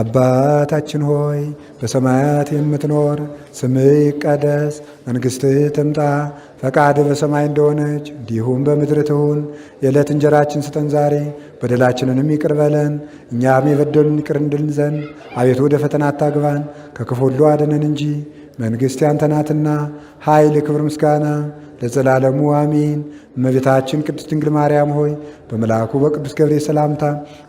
አባታችን ሆይ በሰማያት የምትኖር፣ ስምህ ይቀደስ፣ መንግሥትህ ትምጣ፣ ፈቃድ በሰማይ እንደሆነች እንዲሁም በምድር ትሁን። የዕለት እንጀራችን ስጠን ዛሬ፣ በደላችንንም ይቅር በለን እኛም የበደሉን ይቅር እንድል ዘንድ አቤቱ ወደ ፈተና አታግባን፣ ከክፉ ሁሉ አድነን እንጂ መንግሥት ያንተ ናትና ኃይል፣ ክብር፣ ምስጋና ለዘላለሙ አሜን። እመቤታችን ቅድስት ድንግል ማርያም ሆይ በመልአኩ በቅዱስ ገብርኤል ሰላምታ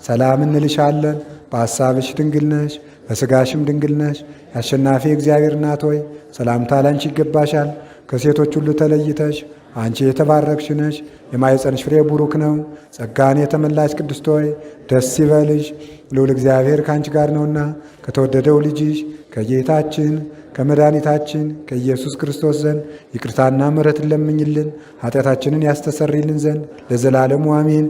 ሰላም እንልሻለን። በሐሳብሽ ድንግል ነሽ፣ በሥጋሽም ድንግል ነሽ። የአሸናፊ እግዚአብሔር እናት ሆይ ሰላምታ ላንቺ ይገባሻል። ከሴቶች ሁሉ ተለይተሽ አንቺ የተባረክሽ ነሽ፣ የማኅፀንሽ ፍሬ ቡሩክ ነው። ጸጋን የተመላሽ ቅድስት ሆይ ደስ ይበልሽ፣ ልዑል እግዚአብሔር ከአንቺ ጋር ነውና ከተወደደው ልጅሽ ከጌታችን ከመድኃኒታችን ከኢየሱስ ክርስቶስ ዘንድ ይቅርታና ምሕረትን ለምኝልን ኃጢአታችንን ያስተሰርይልን ዘንድ ለዘላለሙ አሜን።